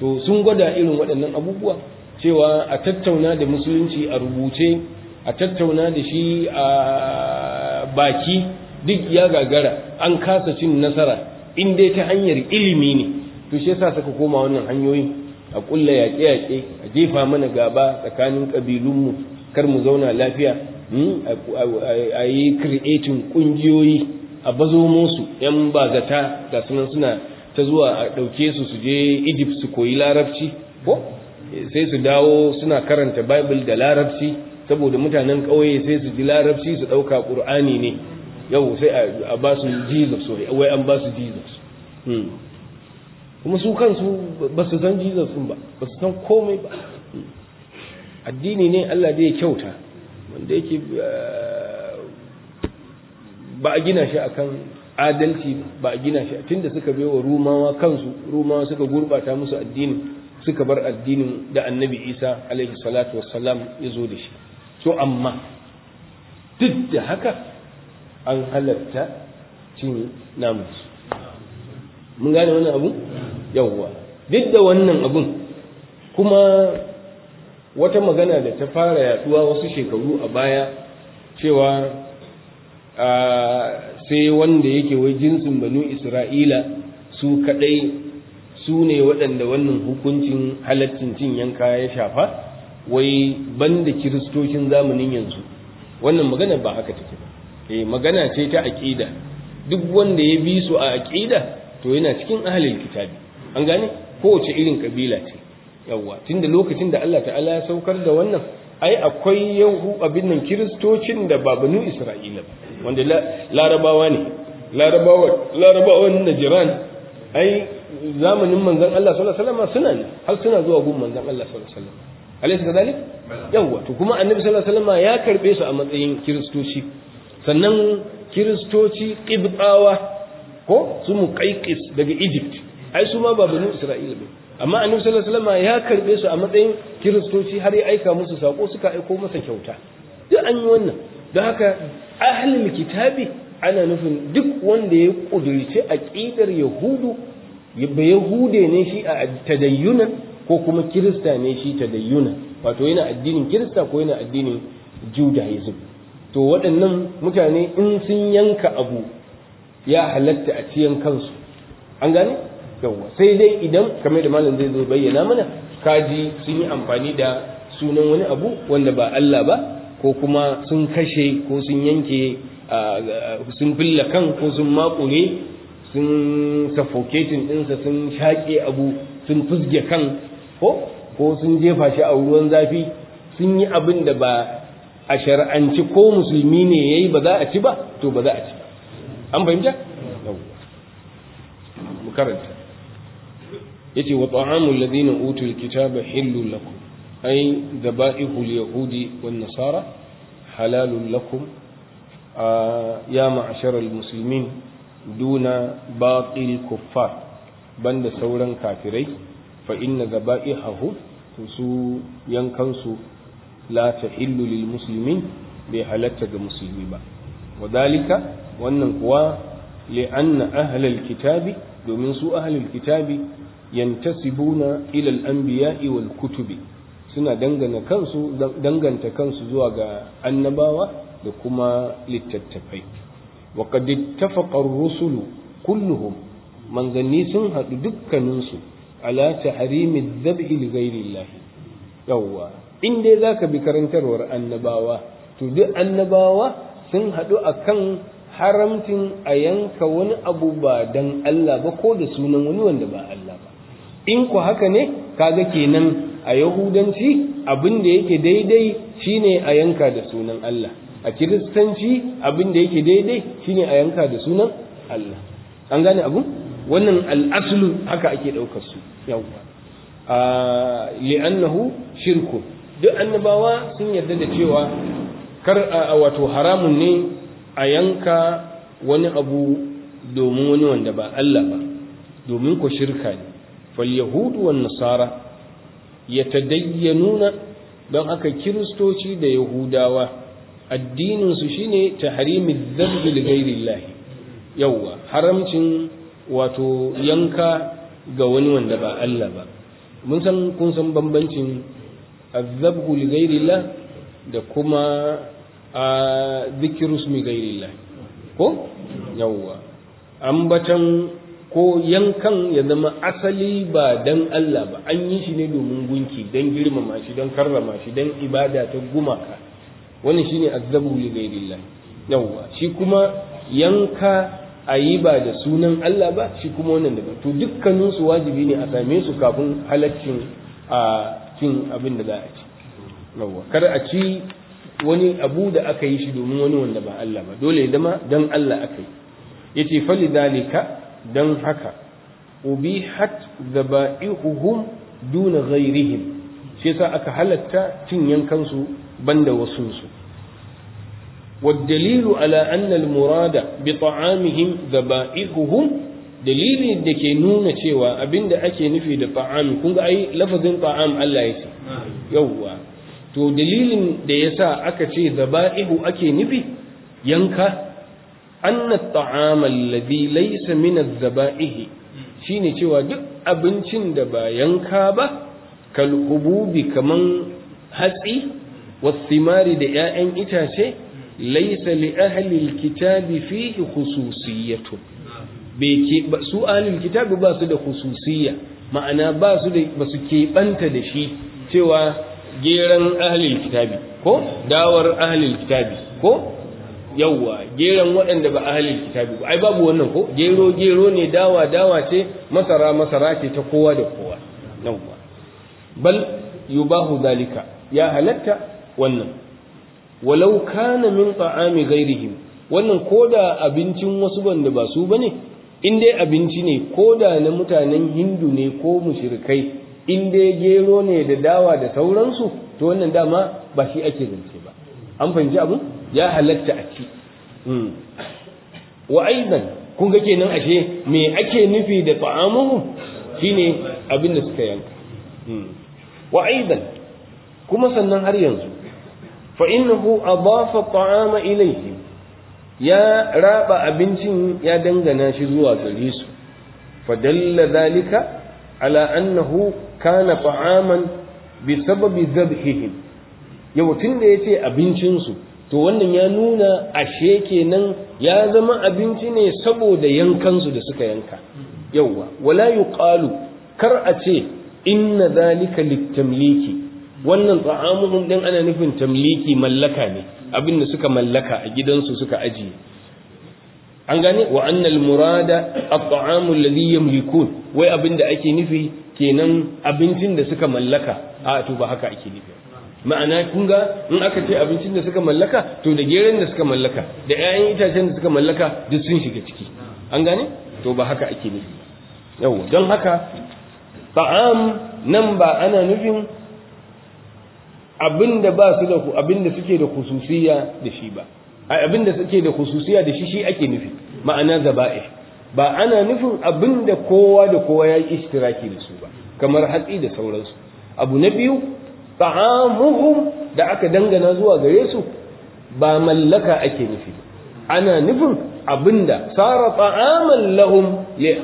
to sun gwada irin waɗannan abubuwa cewa a tattauna da musulunci a rubuce a tattauna da shi a baki duk ya gagara an kasa cin nasara in dai ta hanyar ilimi ne to shi yasa suka koma wannan hanyoyi a kulla yaƙe-yaƙe a jefa mana gaba tsakanin ƙabilunmu kar mu zauna lafiya hmm, a yi creating ƙungiyoyi a bazo musu yan bazata ga sunan suna ta zuwa a ɗauke su su je egypt su koyi larabci ko sai su dawo suna karanta bible da larabci saboda mutanen ƙauye sai su ji larabci su ɗauka ƙur'ani ne yau sai a ba su jesus wai an ba su jesus hmm. kuma su kansu ba su san jesus ɗin ba ba su san komai ba hmm. addini ne allah da ya kyauta wanda yake eh, ba a gina shi akan adalci ba a gina shi tunda suka bai wa rumawa kansu rumawa suka gurbata musu addinin suka bar addinin da annabi isa alaihi salatu wassalam ya zo da shi to amma duk da haka an halatta cin namus mun gane wannan abu yawwa duk da wannan abun kuma wata magana da ta fara yaduwa wasu shekaru a baya cewa ah, sai wanda yake wai jinsin banu isra'ila su kadai su ne waɗanda wannan hukuncin halaccin cin yanka ya shafa wai banda kiristocin zamanin yanzu wannan magana ba haka take ba eh magana ce ta aqida duk wanda ya bi su a aqida to yana cikin ahlul kitabi an gane kowace irin kabila ce yawa tunda lokacin da Allah ta'ala ya saukar da wannan ai akwai yahu abin nan kiristocin da babanu Isra'ila. isra'ila wanda larabawa ne na najiran ai zamanin manzan Allah sallallahu alaihi wasallam suna ne har suna zuwa gun manzan Allah sallallahu alaihi wasallam alaysa kadhalik yawa to kuma annabi sallallahu alaihi wasallam ya karbe su a matsayin kiristoci sannan kiristoci qibtawa ko su muqaqqis daga Egypt ai su ma babanu Isra'ila ba amma annabi sallallahu alaihi wasallam ya karbe su a matsayin kiristoci har ya aika musu sako suka aiko masa kyauta duk an yi wannan don haka ahlul kitabi ana nufin duk wanda ya kudirce aqidar yahudu ba yahude ne shi a tadayyunan ko kuma kirista ne shi tadayyunan wato yana addinin kirista ko yana addinin judaism to waɗannan mutane in sun yanka abu ya halatta a ciyan kansu an gane yawwa sai dai idan kamar da malam zai zo bayyana mana kaji sun yi amfani da sunan wani abu wanda ba Allah ba ko kuma sun kashe ko sun yanke sun filla kan ko sun makure sun suffocating ɗinsa sun shaƙe abu sun fusge kan ko sun jefa shi a ruwan zafi sun yi abin da ba a shar'anci ko musulmi ne ya yi ba za a ci ba to ba za a ci ba an fahimta? mu karanta yace wa ta'amul ladina utul kitaba hillu lakum ay daba'ihul yahudi wan nasara halalun lakum ya ma'asharal muslimin duna batil kuffar banda sauran kafirai fa inna dhaba'ihahu su yankansu la tahillu lil muslimin bai halatta ga musulmi ba wadalika wannan kuwa li'anna ahlal kitabi domin su ahlul kitabi yantasibuna ila al-anbiya'i iwal kutubi suna dangana kansu danganta kansu zuwa ga annabawa da kuma littattafai wa qad ittafaqa ar-rusulu kulluhum manzanni sun haɗu dukkaninsu ala tahrimi adh-dhab'i li in dai zaka bi karantarwar annabawa to duk annabawa sun haɗu akan haramcin a yanka wani abu ba dan Allah ba ko da sunan wani wanda ba in ku haka ne kaga kenan a yahudanci abin da yake daidai shine a yanka da sunan Allah a kiristanci abin da yake daidai shine a yanka da sunan Allah an gane abu wannan al'aslu haka ake ɗaukar su yawwa li'annahu shirku duk annabawa sun yarda da cewa kar a wato haramun ne a yanka wani abu domin wani wanda ba Allah ba domin ku shirka ne nasara فاليهود والنصارى nuna don aka kiristoci da yahudawa addininsu shine tahrimin zabbi li ghairillahi yawwa haramcin wato yanka ga wani wanda ba Allah ba mun san kun san bambancin azzabhu li ghairillah da kuma a zikirus mi ghairillah ko yawwa ambatan ko yankan ya zama asali ba dan Allah ba an yi shi ne domin gunki dan girmama shi dan karrama shi dan ibada ta gumaka wannan shine azzabu li ghairillah yawa shi kuma yanka ayi ba da sunan Allah ba shi kuma wannan daban to dukkanin su wajibi ne a same su kafin halaccin a cin abin da za a ci yawa kar a ci wani abu da aka yi shi domin wani wanda ba Allah ba dole ya zama dan Allah aka yi yace falidalika don haka ubihat zaba'ihuhum duna ghairihim shi yasa aka halatta cin yankansu banda wasunsu والدليل على أن المراد بطعامهم ذبائحهم dalilin da ke nuna cewa abinda ake nufi da ta'am kun ga ai lafazin ta'am Allah ya ce yawwa to dalilin da ya sa aka ce zaba'ihu ake nufi yanka anna ta'ama alladhi laysa min adh-dhaba'ihi shine cewa duk abincin da ba yanka ba kal hububi kaman hatsi wasimari da 'ya'yan itace laysa li ahli alkitabi fihi khususiyyatun bai su ahlul kitabi ba su da khususiyya ma'ana ba su da ba su keɓanta da shi cewa geran ahlul kitabi ko dawar ahlul kitabi ko yawwa geron waɗanda ba ahalin kitabi ba ai babu wannan ko gero gero ne dawa dawa ce masara masara ce ta kowa da kowa yawwa bal yubahu zalika ya halatta wannan walau kana min ta'ami ghairihim wannan koda abincin wasu banda ba su bane in dai abinci ne koda na mutanen hindu ne ko mushrikai in dai gero ne da dawa da sauransu to wannan dama ba shi ake zance ba an fahimci abu ya halatta a ci hmm. wa aidan kun ga kenan ashe me ake nufi da ta'amuhu shine abin da suka yanka hmm. wa aidan kuma sannan har yanzu fa innahu adafa ta'ama ilayhi ya raba abincin ya dangana shi zuwa gare su fa dalla zalika ala annahu kana ta'aman bi sababi dhabhihim yau tunda yace abincin su to wannan ya nuna ashe kenan ya zama abinci ne saboda yankansu da suka yanka yauwa wala yuqalu kar a ce inna zalika litamliki wannan tsa'amun din ana nufin tamliki mallaka ne abin da suka mallaka a gidansu suka ajiye an gane wa annal murada at alladhi yamlikun wai abin da ake nufi kenan abincin da suka mallaka a to ba haka ake nufi ma'ana kun ga in aka ce abincin da suka mallaka to da geren da suka mallaka da 'ya'yan itacen da suka mallaka duk sun shiga ciki an gane to ba haka ake nufi yawa don haka ta'am nan ba ana nufin da ba su da da suke da khususiya da shi ba ai da suke da khususiya da shi shi ake nufi ma'ana zaba'i ba ana nufin abin da kowa da kowa ya yi ishtiraki da su ba kamar hatsi da sauransu abu na biyu ta'amuhum da aka dangana zuwa gare su ba mallaka ake nufi ana nufin abinda sara ta'aman lahum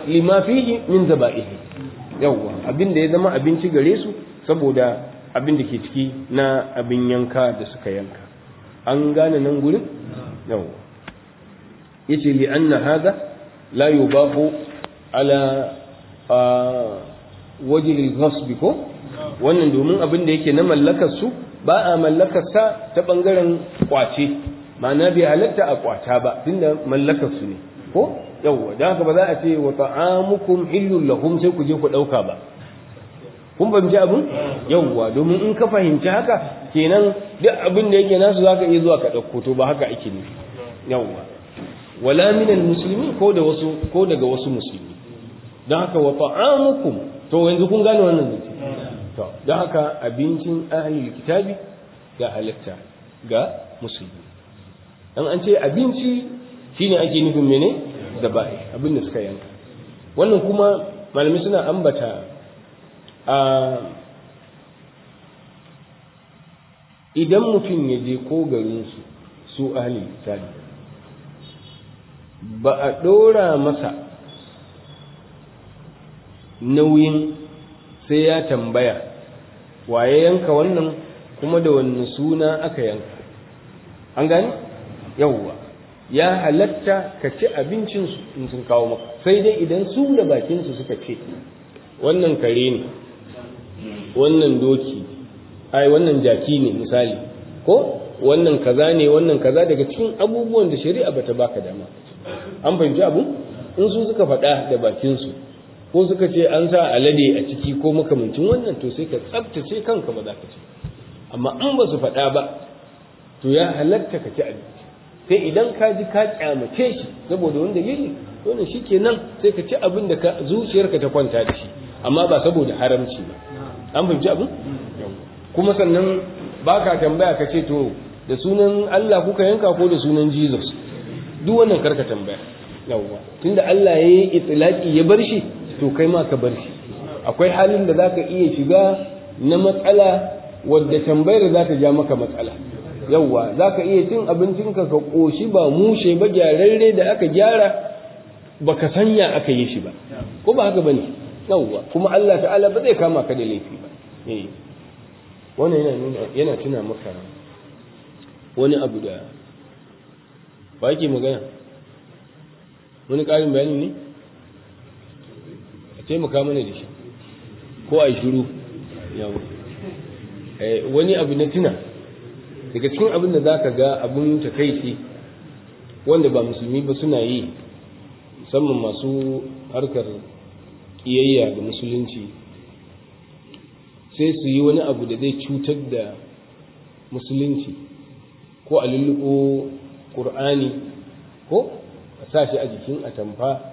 lima fihi min zaba'ihi yawwa abinda ya zama abinci gare su saboda abin ke ciki na abin yanka da suka yanka an gane nan gurin yawwa yace li anna hadha la yubahu ala wajhi al-ghasb ko wannan domin abin da yake na mallakar su ba a mallakar sa ta bangaren kwace ma'ana bai halatta a kwata ba tunda mallakar su ne ko yawwa dan haka ba za a ce wa ta'amukum illu lahum sai ku je ku dauka ba kun fahimci abin yawwa domin in ka fahimci haka kenan duk abin da yake nasu zaka iya zuwa ka dauko to ba haka ake ne yawwa wala minal muslimin ko da wasu ko daga wasu musulmi dan haka wa ta'amukum to yanzu kun gane wannan to don haka abincin ahlul kitabi ga halitta ga musulmi an an ce abinci shine ake nufin mene da ba'i abin da suka yanka wannan kuma malami suna ambata a idan mutum ya je ko garinsu su ahlul kitabi ba a ɗora masa nauyin sai ya tambaya waye yanka wannan kuma da wannan suna aka yanka an gani yawwa ya halatta ka ci abincin su in sun kawo maka sai dai idan su da bakin su suka ce wannan kare ne wannan doki ai wannan jaki ne misali ko wannan kaza ne wannan kaza daga cikin abubuwan da shari'a bata baka dama an fahimci abu in su suka faɗa da bakin su ko suka ce an sa alade a ciki ko makamancin wannan to sai ka tsabtace kanka ba za ka ci amma in ba su faɗa ba to ya halatta ka ci abinci sai idan ka ji ka kyamace shi saboda wanda shi ke nan sai ka ci abin da ka zuciyarka ta kwanta da shi amma ba saboda haramci ba an fahimci abin kuma sannan ba ka tambaya ka ce to da sunan Allah kuka yanka ko da sunan Jesus duk wannan karka tambaya yawwa tunda Allah ya yi itlaqi ya bar shi to kai ma ka bar shi akwai halin da zaka iya shiga na matsala wadda tambayar za ta ja maka matsala yawwa za ka iya cin abincinka ka ƙoshi ba mushe ba gyararre da aka gyara ba ka sanya aka yi shi ba ko ba haka ba ne yawwa kuma Allah ta'ala ba zai kama ka da laifi ba eh. wannan yana nuna yana tuna maka wani abu da ba yake magana wani ƙarin bayani ne sai mu kama ne da shi ko a yi shiru eh, wani abu na tuna daga cikin abin da za ka ga abin takaici wanda ba musulmi ba suna yi musamman masu harkar ƙiyayya da musulunci sai su yi wani abu da zai cutar da musulunci ko a lulluɓo ƙur'ani ko a sa shi a jikin atamfa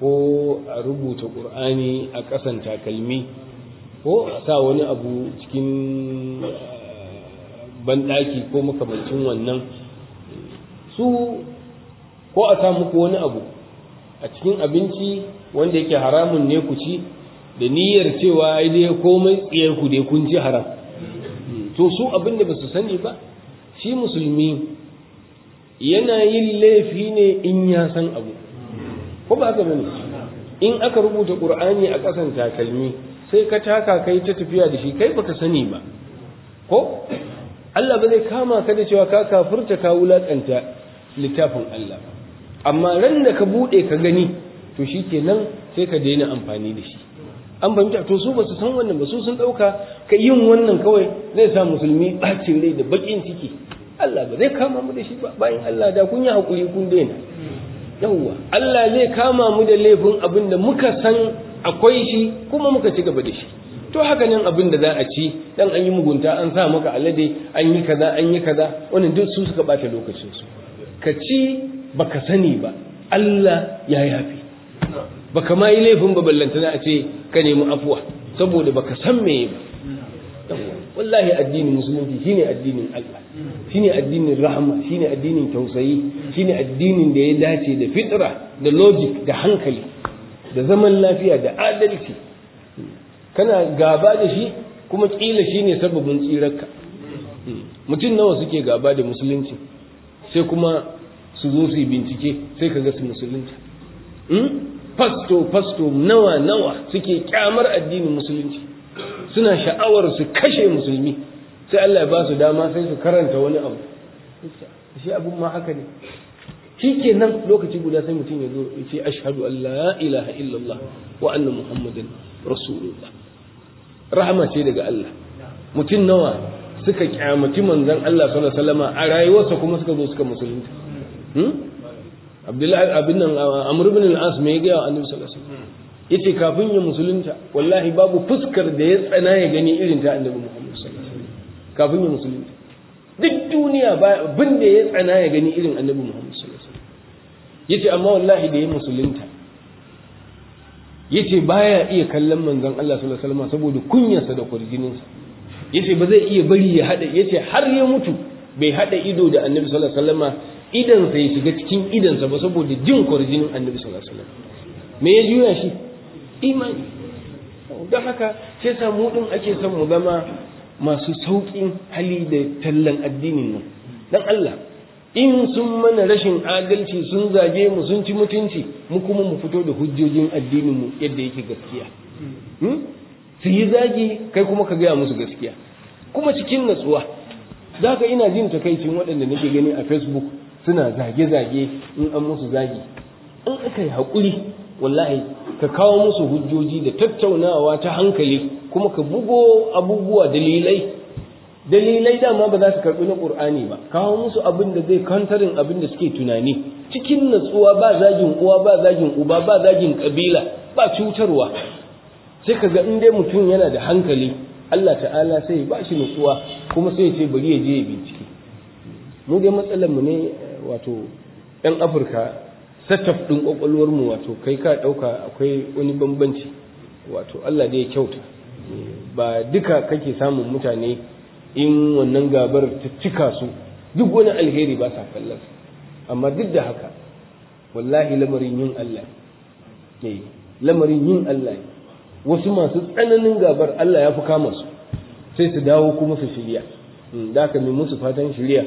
ko a rubuta ƙur'ani a ƙasan takalmi ko a sa wani abu cikin eh, banɗaki ko makamancin wannan su ko a sa muku wani abu a cikin abinci wanda yake haramun ne ku ci da niyyar cewa ai dai komai tsiyar ku dai kun ci haram to su abin da ba su sani ba shi musulmi yana yin laifi ne in ya san abu ko ba haka bane in aka rubuta qur'ani a kasan takalmi sai ka taka kai ta tafiya da shi kai baka sani ba ko Allah ba zai kama ka da cewa ka kafirta ka wulakanta littafin Allah amma ran da ka bude ka gani to shikenan sai ka daina amfani da shi an fahimta to su ba su san wannan ba su sun dauka ka yin wannan kawai zai sa musulmi bacin rai da bakin ciki Allah ba zai kama mu da shi ba bayan Allah da kun yi hakuri kun daina yawwa Allah zai kama mu da laifin abin da muka san akwai shi kuma muka ci gaba da shi to haka nan abin da za a ci dan an yi mugunta an sa maka alade an yi kaza an yi kaza wannan duk su suka bata lokacin su ka ci baka sani ba Allah ya yafi baka ma yi laifin ba ballantana a ce ka nemi afuwa saboda baka san me ba wallahi addinin musulunci shine addinin Allah shine addinin rahama shine addinin tausayi shine addinin da ya dace da fitra da logic da hankali da zaman lafiya da adalci kana gaba da shi kuma kila shine sababin tsirarka mutum nawa suke gaba da musulunci sai kuma su zo su bincike sai ka ga su musulunci hmm? fasto fasto nawa nawa suke kyamar addinin musulunci suna sha'awar su kashe musulmi sai Allah ya ba su dama sai su karanta wani abu shi abun ma haka ne shi ke nan lokaci guda sai mutum ya zo ya ce ashhadu an la ilaha illallah wa anna muhammadin rasulullah rahama ce daga Allah mutum nawa suka kyamaci manzon Allah sallallahu alaihi wasallam a rayuwarsa kuma suka zo suka musulunta hmm? Abdullahi abin nan Amr ibn al-As me ya ga annabi sallallahu alaihi wasallam yace kafin ya musulunta wallahi babu fuskar da ya tsana ya gani irin ta annabi Muhammad sallallahu alaihi wasallam kafin ya musulunta duk duniya ba bin da ya tsana ya gani irin annabi Muhammad sallallahu alaihi wasallam yace amma wallahi da ya musulunta yace baya iya kallon manzon Allah sallallahu alaihi wasallam saboda kunyarsa da kurjininsa yace ba zai iya bari ya hada yace har ya mutu bai hada ido da annabi sallallahu alaihi wasallam idan sai shiga cikin idansa ba saboda jin kurjinin annabi sallallahu alaihi wasallam me ya juya shi imani don haka sai samu din ake son mu zama masu sauƙin hali da tallan addinin nan dan Allah in sun mana rashin adalci sun zage mu sun ci mutunci mu kuma mu fito da hujjojin addinin mu yadda yake gaskiya hmm? su yi zagi kai kuma ka gaya musu gaskiya kuma cikin natsuwa za ka ina jin takaicin waɗanda nake gani a facebook suna zage-zage in an musu zagi in aka yi haƙuri wallahi ka kawo musu hujjoji da tattaunawa ta hankali kuma ka bugo abubuwa dalilai dalilai dama ba za su karɓi na qur'ani ba kawo musu abin da zai kantarin abin da suke tunani cikin natsuwa ba zagin uwa ba zagin uba ba zagin ƙabila ba cutarwa sai ka ga in dai mutum yana da hankali Allah ta'ala sai ba shi natsuwa kuma sai ce bari ya je ya bincike mu dai matsalar mu ne wato 'yan afirka setup ɗin kwakwalwar mu wato kai ka ɗauka akwai wani bambanci wato Allah dai ya kyauta ba duka kake samun mutane in wannan gabar ta cika su duk wani alheri ba sa kallar amma duk da haka wallahi lamarin yin Allah ne eh, lamarin yin Allah wasu masu tsananin gabar Allah ya fi kama su sai su dawo kuma su shirya hmm, da aka mai musu fatan shirya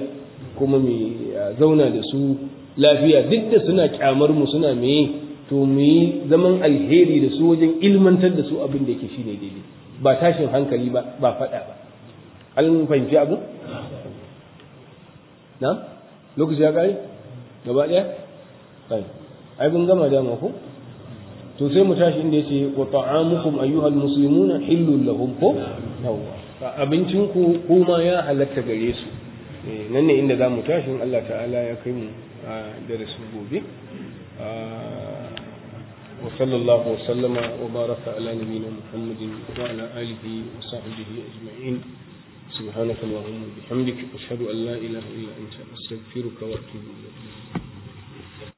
kuma mai eh, zauna da su lafiya duk da suna kyamar mu suna me to mu yi zaman alheri da su wajen ilmantar da su abin da yake shine daidai ba tashin hankali ba ba faɗa ba an fahimci abu na lokaci ya kare gaba ɗaya ai kun gama dama ko to sai mu tashi inda yace wa ta'amukum ayyuhal muslimuna hillul lahum ko yawa abincin ku kuma ya halatta gare su eh, nan ne inda zamu tashi in Allah ta'ala ya kai mu آه، درس gobe آه، وصلى الله وسلم وبارك على نبينا محمد وعلى آله وصحبه أجمعين سبحانك اللهم وبحمدك أشهد أن لا إله إلا أنت أستغفرك وأتوب إليك